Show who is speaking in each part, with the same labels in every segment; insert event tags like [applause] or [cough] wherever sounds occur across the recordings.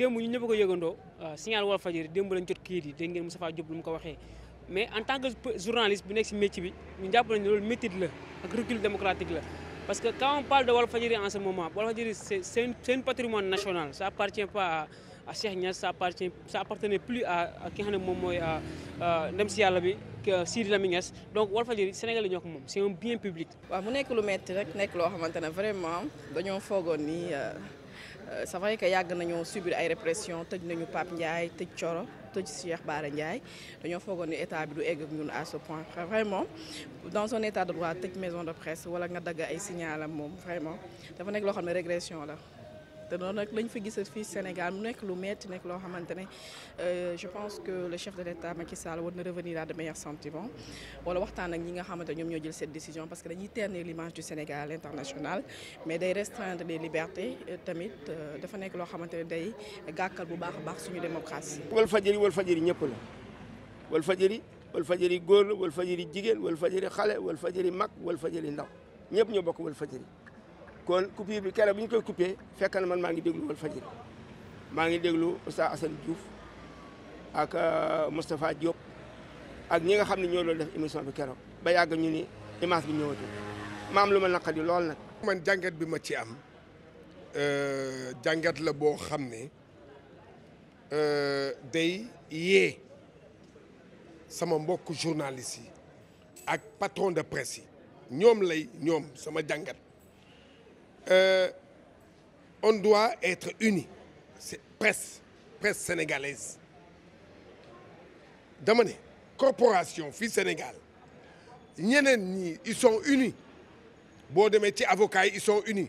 Speaker 1: démb ñu ñëpp ko yëgandoo signal Walfadjri démb lañ jot kayit yi dégg ngeen Moustapha Diop lu mu ko mais en tant que journaliste bu nekk si métier bi ñu jàpp nañ loolu métier la ak recul la parce que quand on de Walfadjri en ce moment Walfadjri c'est patrimoine national ça appartient pas à Cheikh Niass ça appartient ça appartenait plus à ki xam ne moom mooy euh, euh, ndem si yàlla bi Sidi Lamine Niass donc Walfadjri Sénégal yi ñoo ko moom c'est un bien public.
Speaker 2: waaw mu nekk lu metti rek nekk loo xamante ne vraiment dañoo foogoon ni euh, c'est vrai que yàgg nañoo subir ay répression tëj nañu Pape Ndiaye tëj Coro tëj Cheikh Bara Ndiaye dañoo foogoon ni état bi du egg ñun à ce point vraiment dans un état de droit tëj maison de presse wala nga dagg ay signalam moom vraiment dafa loo xam ne régression la. te noonu nag lañ fa gisal fii Sénégal mu nekk lu metti nekk loo xamante ne euh, je pense que le chef de l'État Macky war na revenir à de meilleurs sentiments wala waxtaan ak ñi nga xamante ñoom ñoo jël cette décision parce que dañuy ternir l'image du Sénégal international mais day restreindre les libertés euh, tamit euh, dafa nekk loo xamante ne day gàkkal bu baax a baax suñu démocratie.
Speaker 3: Walfadjri Walfadjri ñëpp la Walfadjri Walfadjri góor la Walfadjri jigéen Walfadjri xale Walfadjri mag Walfadjri ndaw ñëpp ñoo bokk Walfadjri kon coupure bi keroog bi ñu koy coupé fekk na man maa ngi déglu Walfadjri maa ngi déglu Oustaz Assane Diouf ak euh, Moustapha Diop ak ñi nga xam ne ñoo doon def émission bi keroog ba yàgg ñu ni image bi ñëwatul maam lu ma naqari lool
Speaker 4: nag. man jàngat bi ma ci am euh, jàngat la boo xam ne euh, day yee sama mbokk journaliste yi ak patron de presse yi ñoom lay ñoom sama jàngat. euh, on doit être unis c'est presse presse sénégalaise dama corporation fii Sénégal ñeneen ñi ils sont unis boo demee ci avocats yi ils sont unis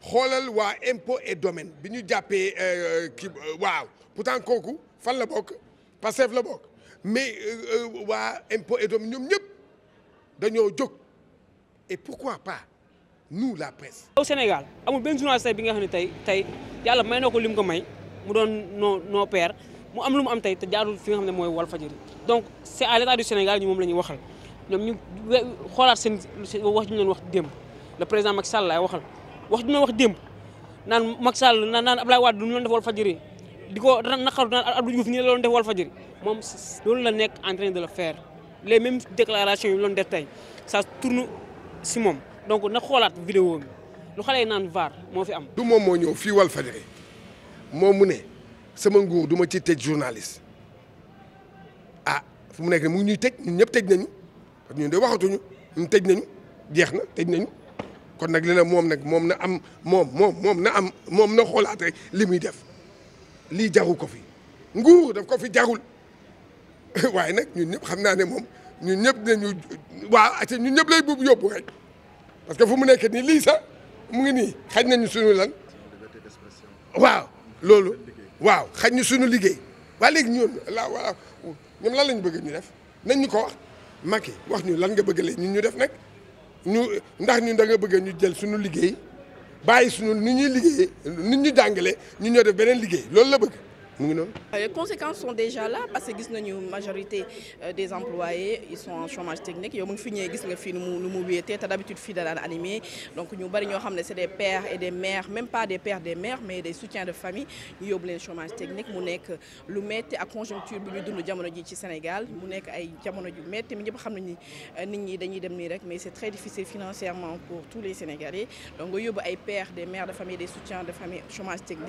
Speaker 4: xoolal waa impo et domaine bi ñu jàppee euh, kii euh, waaw pourtant kooku fan la bokk Pastef la bokk mais euh, waa
Speaker 1: impôt et domaine ñoom ñëpp dañoo jóg et pourquoi pas nous la presse. au Sénégal amul benn journaliste bi nga xam ne tey tey yàlla may na ko lim ko may mu doon noo noo père mu am lu mu am tey te jaarul fi nga xam ne mooy wal Walfadjri donc c' est à l' du Sénégal ñu moom la ñuy waxal ñoom ñu xoolaat seen wax ju ñu doon wax démb le président Macky Sall laay waxal wax ju ñu doon wax démb naan Macky Sall naan naan Abdoulaye Wade lu mu doon def Walfadjri di ko naqaru naan Abdou Diouf nii la doon wal Walfadjri moom loolu la nekk en de le faire les mêmes déclarations yu ñu doon def tey ça tourne si moom. donc na xoolaat vidéo bi lu xale yi naan VAR moo fi am.
Speaker 4: du moom moo ñëw fii Walfadjri moom mu ne sama nguur duma ci tëj journaliste ah fu mu nekk mu ngi ñuy tëj ñun ñëpp tëj nañu parce que de waxatuñu ñun tëj jeex na tëj nañu kon nag li moom nag moom na am moom moom na am moom na xoolaat rek li muy def lii jaru ko fi nguur daf ko fi jarul [laughs] waaye nag ñun ñëpp xam naa ne moom ñu ñëpp dinañu waa ñu ñëpp lay buub yóbbu rek. parce que fu mu nekk nii lii sax mu ngi nii xaj nañu suñu lan waaw loolu waaw xaj ñu suñu liggéey waa léegi ñun la waa ñoom lan lañu bëgg ñu def nañ ñu ko wax Macky wax ñu lan nga bëgg la ñu def nag ñu ndax ñu da nga ñu jël suñu liggéey bàyyi suñu ni ñuy liggéeyee ni ñu jàngalee ñu ñoo def beneen liggéey loolu la bëgg mu ngi noonu.
Speaker 2: Euh, les conséquences sont déjà là parce que gis nañu majorité euh, des employés ils sont en chômage technique yow mu ngi fi ñëwee gis nga fii nu mu nu mu wéetee te d'habitude fii da daan donc ñu bari ñoo xam ne c'est des pères et des mères même pas des pères des mères mu nekk lu metti ak conjoncture bi ñu dund jamono ji ci Sénégal mu nekk ay jamono ju metti mi ñëpp xam nañu ni euh, nit ñi dañuy dem nii rek mais c'est très difficile financièrement pour tous les Sénégalais donc nga yóbbu ay pères des mères de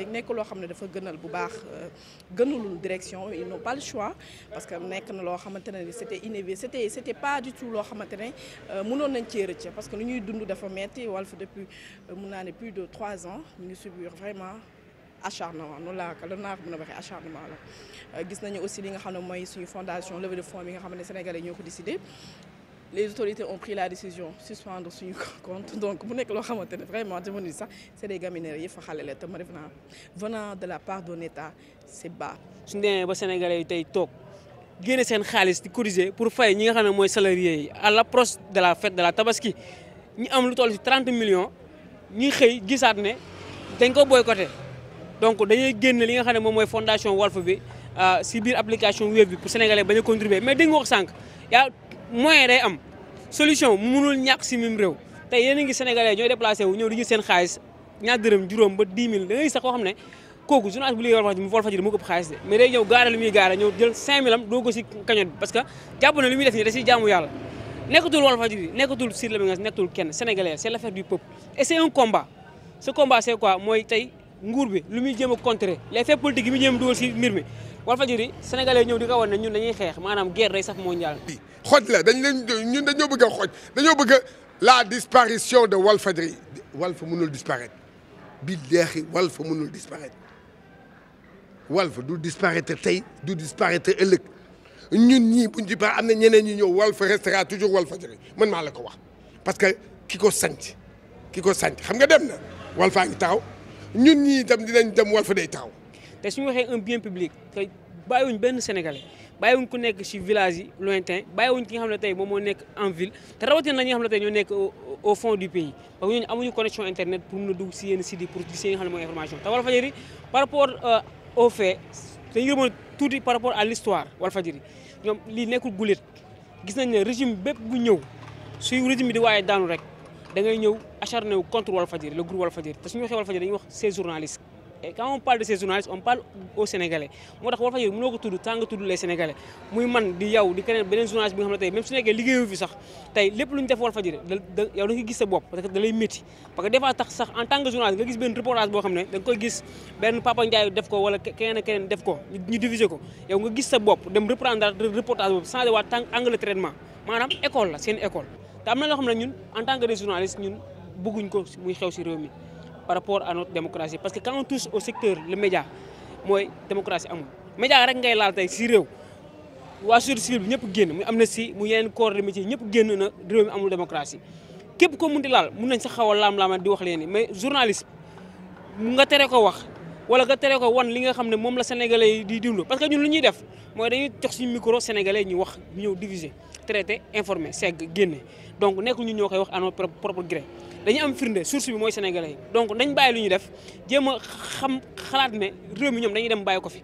Speaker 2: nekk loo xam ne dafa gënal bu baax. gënulu direction ils n'ont pas le choix parce que nekk na loo xamante ne c'était inévi c'était c'était pas loo xamante ne euh, mënoon nañ cee rëcc parce que lu ñuy dund dafa metti Walf depuis euh, mun naa ne plus de trois ans ñu ngi subir vraiment acharnement noonu laa ko naa ko mën a waxee acharnement la euh, gis nañu aussi li nga xam ne mooy suñu fondation levée de fonds bi nga xam ne sénégalais ñoo ko décidé les autorités ont pris la décision suspendre suñu [laughs] compte donc nekk loo xamante ne vraiment jamono ji sax c'est des gamineries yi fa xale la te de la part d'un état c'est bas.
Speaker 1: suñu demee ba Sénégalais yi tey toog génne seen xaalis di cotiser pour fay ñi nga xam ne mooy salariés yi à l'approche de la fête de la tabaski ñu am lu toll ci 30 millions xëy gisaat ne dañ ko boycotté donc dañuy génn li nga xam ne moom mooy fondation Walf bi si euh, biir application Wave bi pour sénégalais bañ a contribuer mais dégg nga wax sànq moyen day am solution munul ñàkk si même réew te yéen a ngi sénégalais ñooy déplacé wu ñëw di seen xaalis ñaa dërëm juróom ba 10 000 da ngay sax koo xam ne kooku journaliste bu liggéey Walfadjri mu Walfadjri moo ko ëpp xaalis de mais day ñëw gaare li muy gaare ñëw jël 5000 am doo ko si kañot parce que jàpp na muy def nii da siy jaamu yàlla nekkatul Walfadjri nekkatul Sidy Lamine Niasse nekkatul kenn sénégalais c'est l'affaire du peuple et c'est un combat ce combat c'est quoi mooy tey nguur bi lu muy jéem a contrer les faits politiques yi muy jéem si mbir mi Walfadjri sénégalais ñëw di ko wan ne ñun dañuy xeex maanaam guerre day saf mondial.
Speaker 4: xooj la dañ leen ñun dañoo bëgg a xoj dañoo bëgg a la disparition de Walfadjri Walf mënul disparaître billahi Walf mënul disparaître Walf du disparaître tey du disparaître ëllëg ñun ñii buñ ci am na ñeneen ñu ñëw Walf restera toujours Walfadjri man maa la ko wax parce que ki ko sanc ki ko sanc xam nga dem na Walfaa taxaw ñun ñii itam dinañ dem walfa day taxaw. te
Speaker 1: suñu waxee un bien publique te bàyyiwuñ benn sénégalais bàyyiwuñ ku nekk ci village yi lointain bàyyiwuñ ki nga xam ne tey moom moo nekk en ville te rawatina ñi nga xam ne tey ñoo nekk au fond du pays parce que ñooñu amuñu connexion internet pour mun a dugg si yenn si yi pour gis yi nga xam ne mooy information te Walfadjri par rapport euh, au fait dañu gëmoon tuuti par rapport à l'histoire Walfadjri ñoom lii nekkul guléet gis nañ ne régime bépp gu ñëw suy régime bi di waaye daanu rek da ngay ñëw acharné wu contre Walfadjri wax ces journalistes et eh, quand on parle de ces journalistes on parle aux Sénégalais moo tax Walfadjri mënoo ko tudd tàng tudd les Sénégalais muy man di yow di keneen beneen journaliste bi nga xam ne tey même su nekkee liggéeyu fi sax tey lu ñu def Walfadjri da da yow da gis sa bopp parce que da lay métti parce que des fois tax sax en tant que journaliste nga ko wala keneen keneen def ko ñu diviser ko yow nga gis sa bopp dem reprendre reportage boobu changé waat tàng angle traitement maanaam école la seen école te am na loo xam ne ñun en tant que des journalistes muy xew si réew mi par rapport à notre démocratie parce que quand on touche au secteur le média mooy démocratie amul média rek ngay laal tey si réew waa société civile bi ñëpp génn muy Amnesty mu yeneen corps de métier ñëpp génn na réew mi amul démocratie képp ko mun di laal mun nañ sax xaw a laam-laama di wax leen ni mais journaliste nga tere ko wax wala nga tere ko wan li nga xam ne moom la sénégalais yi di dund parce que ñun lu ñuy def mooy dañuy jox suñu micro sénégalais ñu wax ñëw diviser traité informé segg génne donc nekkul ñu ñoo koy wax à notre propre gré dañu am firnde source bi mooy sénégalais yi donc dañ bàyyi lu ñu def jéem a xam xalaat ne réew mi ñoom dañuy dem bàyyi ko fi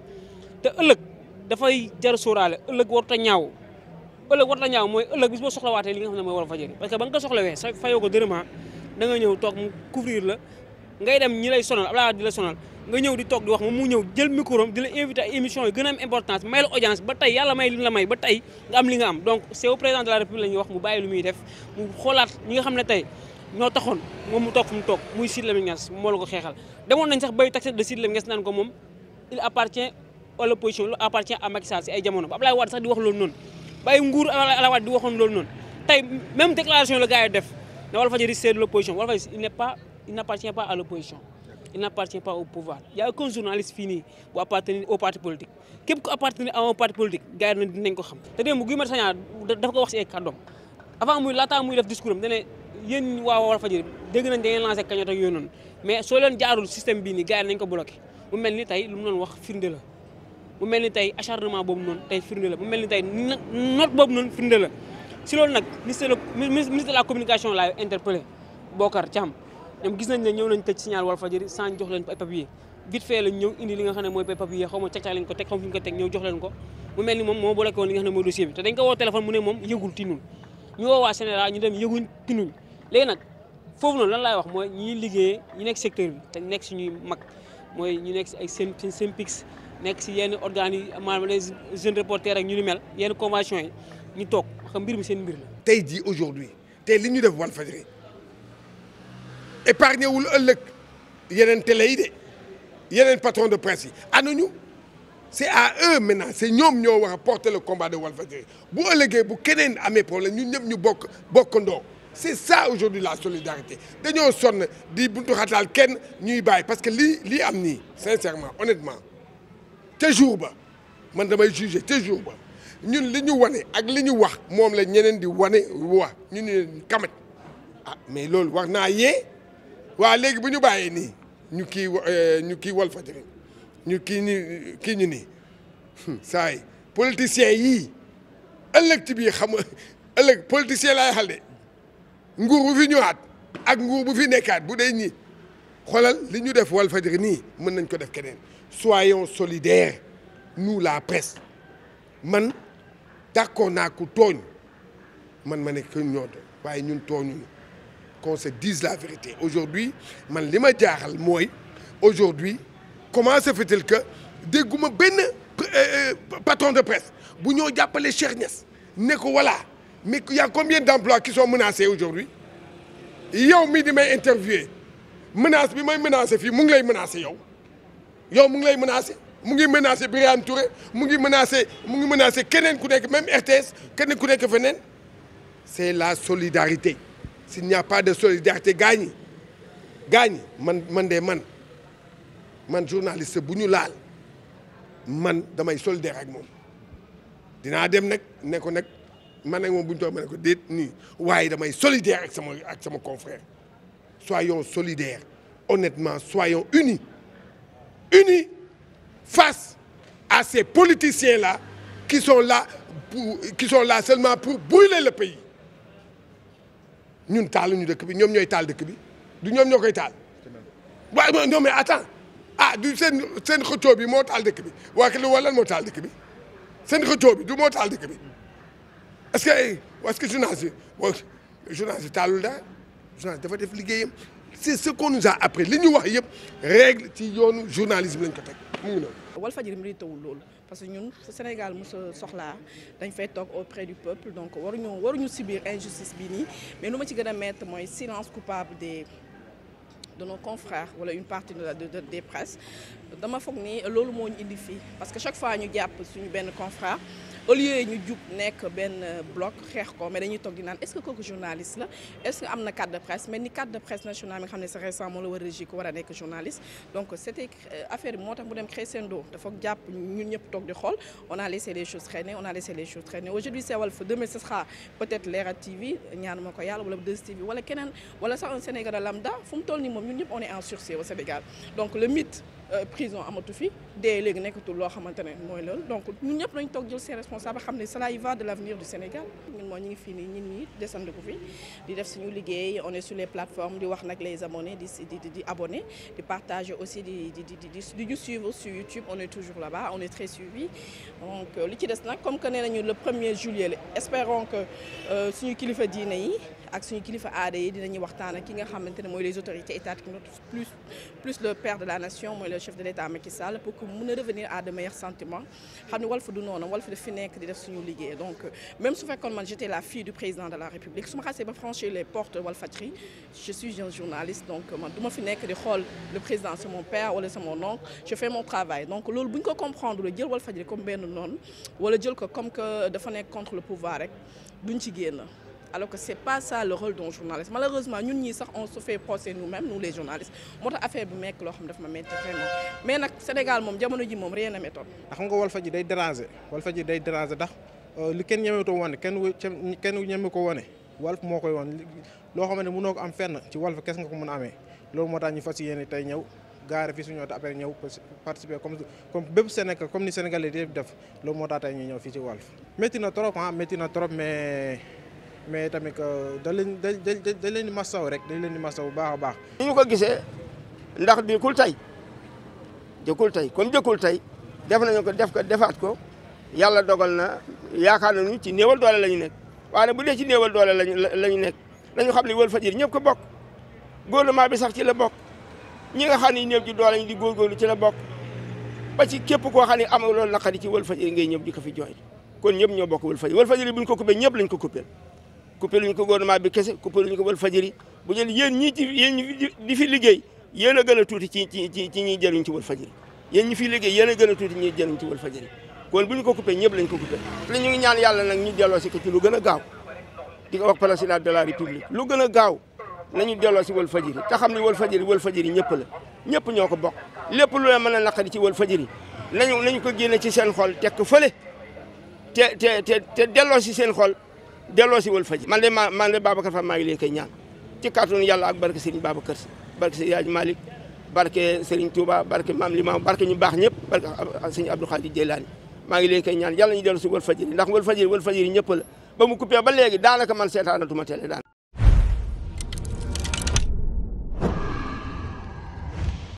Speaker 1: te ëllëg dafay jar sóoraale ëllëg warut a ñaaw ëllëg warut a mooy ëllëg bis boo soxlawaatee li nga xam ne mooy war a fajari parce que ba nga ko soxlawee sa fayoo ko dërëmaa da nga ñëw toog mu couvrir la ngay dem ñi lay sonal Abdoulaye di la sonal nga ñëw di toog di wax moom mu ñëw jël micro am di la invité ay émissions yu gën a am importance may la audience ba tey yàlla may li may ba tey nga am li nga am donc c'est au président de la république la wax mu bàyyi lu muy def mu xoolaat ñi nga xam ne tey ñoo taxoon moom mu toog fu mu toog muy Sidy Lamine Niass moo la ko xeexal demoon nañ sax bay taxe de Sidy Lamine Niass naan ko moom il appartient à l'opposition il appartient à Macky si ay jamono ba la gars yi def ne Walfadjri c'est de l'opposition Walfadjri il n'est pas il n'appartient il n'appartient pas au pouvoir il y a aucun journaliste fii nii bu appartenir au parti politique képp ku appartenir à un parti politique gars yi dinañ ko xam te démb Guy Marius Sagna dafa ko wax si ay kàddoom avant muy laataa muy def discours am dane yéen waa Walfadjri dégg nañ da ngeen lancé cagnotte ak yooyu noonu mais soo leen jaarul système bii nii gars yi nañ ko bloqué mu mel ni tey lu mu doon wax firnde la mu mel ni tey acharnement boobu noonu tey firnde la mu mel ni tey note boobu noonu firnde la si loolu nag ministre de la communication laay interpellé Bocar Thiam ñoom gis nañ ne ñëw nañ tëj signal Walfadjri sans jox leen ay papier vite fait indi li nga xam ne mooy papier xaw ma càccax lañ ko teg xaw ma fu ñu ko teg ñëw jox ko mu mel ni moom moo bloqué woon li nga xam ne mooy dossier bi te dañ ko woo téléphone mu ne moom yëgul tinul ñu ñu dem foofu noonu lan laay wax mooy ñi liggéey ñi nekk secteur bi te nekk suñuy mag mooy ñu nekk si ay seen SYNPICS nekk si yenn organes yi maanaam les jeunes reporters ak ñu ni mel yenn convention yi ñu toog xam mbir mi seen mbir la tey jii aujourd'hui tey li ñu def Walfadjri
Speaker 4: épargné wul ëllëg yeneen télé yi de yeneen patron de presse yi ana ñu c'est à eux maintenant c'est ñoom ñoo wax a porter le combat de Walfadjri bu ëllëgee bu keneen amee problème ñun ñëpp ñu bokk bokkandoo c'est ça aujourd'hui la solidarité dañoo sonn di buntu xataal kenn ñuy bàyyi parce que lii lii am nii sincèrement honnêtement te jour ba man damay juger te jour ba ñun li ñu wane ak li ñu wax moom la ñeneen di wane wa ñu ne kamat ah mais loolu war naa yee. waa léegi bu ñu bàyyee nii ñu kii eh, ñu kii Walfadjri ñu kii ñu kii ñu nii hmm, saa yi politiciens yii ëllëg ci biir xam ëllëg politiciens laay xal de nguur bu fi ñëwaat ak nguur bu fi nekkaat bu dee ñi xoolal li ñu def Walfadjri nii mën nañ ko def keneen soyons solidaires nous la presse man d'accord naa ku tooñ man ma nekk ko ñoo waaye ñun tooñuñu qu'on se dise la vérité aujourd'hui man li ma jaaxal mooy aujourd'hui comment se fait-il que dégguma benn euh, euh, patron de presse bu ñoo jàppale Cheikh Niass ne ko voilà mais il y a combien d'emplois qui sont menacés aujourd'hui yow mii di may interviewé menace bi may menacé fii mu ngi lay menacé yow yow mu ngi lay menacé mu ngi menacé Birane Touré mu ngi menacé mu ngi menacé keneen ku nekk même RTS keneen ku nekk feneen c'est la solidarité s'il n'y a pas de solidarité gaa ñi gaa ñi man man de man man journaliste bu ñu laal man damay solidaire ak moom dinaa dem nag ne ko nag man ak moom bu ñu toog ma ne ko déet nii waaye damay solidaire ak sama ak sama confrère soyons solidaires honnêtement soyons unis unis face à ces politiciens là qui sont la pour qui sont là seulement pour brûler le pays ñun ñu dëkk bi ñoom ñooy taal dëkk bi du ñoom ñoo koy taal waaye non mais attends ah du seen seen xëccoo bi moo taal dëkk bi waa kër wala moo taal dëkk bi seen xëccoo du moo taal dëkk bi est-ce que eh, est-ce que journaliste bi journaliste bi taalul dafa def liggéeyam c'est ce a appris li ñu wax yëpp ci yoonu journalisme lañ ko teg mu ngi noonu.
Speaker 2: Walfadjri mi tawul loolu. parce que ñun fu Sénégal mos soxla dañ fay toog auprès du peuple donc waruñu waruñu subir injustice bi nii mais lu ma ci gën a mettre mooy silence coupable des de nos confrères wala une partie de la de des presses dama foog ni loolu moo ñu indi fii parce que chaque fois ñu jàpp suñu benn confrère au lieu ñu jub nekk benn bloc xeex ko mais dañuy toog di naan est-ce que kooku journaliste la est-ce que am na carte de presse mais ni carte de presse nationale mi nga xam ne c'est récent la war a régi ko war a nekk journaliste donc c'était euh, affaire bi moo tax mu dem crescendo dafa jàpp ñun ñëpp toog di xool on a laissé a laissé les choses traîner aujourd'hui c'est Walf TV ñaan ma ko yàlla wala 2STV wala keneen wala sax on est prison amatu fi dee léegi nekkatul loo xamante ne mooy loolu donc ñun ñëpp lañ toog jël seen responsable xam ne cela y va de l' avenir du Sénégal ñu ngi fii nii ñun ñi desandi ko fi di def suñu liggéey on est sur les plateformes di wax nag les abonnés di di di partager aussi di di di suivre sur YouTube on est toujours là-bas on est très suivi donc li ci des comme que nee nañu le premier juillet espérons que euh, suñu kilifa diine yi ak suñu kilifa aada yi dinañu waxtaan ak ki nga xamante ne mooy les autorités étatiques plus plus le père de la nation mooy le chef de l'État Macky Sall pour que mun a revenir à de meilleurs sentiments xam ne Walf du noonu Walf daf fi di def suñu liggéey donc même su fekkoon man j'étais la fille du président de la République su ma xasee ba franchir les portes Walfadjri je suis journaliste donc ma fi nekk di xool le président c'est mon père wala c'est mon oncle je fais loolu bu ñu ko comprendre jël Walfadjri comme benn noonu wala jël ko comme que dafa nekk contre le pouvoir rek duñ ci alors que c'est pas ça le rôle d'un journaliste malheureusement ñun ñii sax on se fait procès nous-mêmes nous les journalistes moo tax affaire bu nekk loo xam dafa ma metti vraiment mais nag Sénégal moom jamono ji
Speaker 4: euh, ko wane Walf koy wan loo xam ne mënoo ko am fenn ci Walf kes nga ko mën a moo tax ñu fas yéene tey ñëw gaare fii suñu oto après ñëw participer comme comme bépp Sénégal comme ni Sénégalais yi def loolu moo tax tey ñu fii ci Walf métti na trop ah na trop mais mais tamit da leen da da leen di masaw rek dañ leen di masaw bu baax baax.
Speaker 3: ni ñu ko gisee ndax dikkul tey dikkul tey comme dikkul tey def nañu ko def ko defaat ko yàlla dogal na yaakaar nañu ci newal doole la ñu nekk waaye nag bu dee ci newal doole lañu la ñu nekk dañu xam ne Walfadjri ñëpp ko bokk gouvernement bi sax ci la bokk ñi nga xam ni néew ji doole ñu di lu ci la bokk ba ci képp koo xam ne amul loolu naqari ci Walfadjri ngay ñëw di ko fi jooy kon ñëpp ñoo bokk Walfadjri Walfadjri bu ñu lañ ko coupé. coupé luñ ko gouvernement bi kese coupé luñ ko Walfadjri bu jël yéen ñii ci ñi di fi liggéey yéen a gën a tuuti ci ci ci ñuy jëriñ ci Walfadjri yéen ñi fi liggéey yen a gën a tuuti ñuy jëriñ ci Walfadjri kon bu ñu ko coupé ñëpp lañ ko coupé te ñu ñaan yàlla na ñu delloo si ko ci lu gën a gaaw di ko wax président de la république lu gën a gaaw nañu delloo si Walfadjri te xam ni Walfadjri Walfadjri ñëpp la ñëpp ñoo ko bokk lépp lu la mën a naqari ci Walfadjri nañu nañu ko génne ci seen xol teg ko fële te te te delloo si seen xol delloo si wal faji man de ma man de Babacar maa ngi leen koy ñaan ci kàttanu yàlla ak barke Serigne Babacar si barke Serigne Hadj Malick barke Serigne Touba barke Mame Limam barke ñu baax ñëpp barke Serigne Abdou Khadir Jeylaani maa ngi leen koy ñaan yàlla ñu dellu si wal ndax wal faji wal faji ñëpp ba mu coupé ba léegi daanaka man seetaanatuma télé daan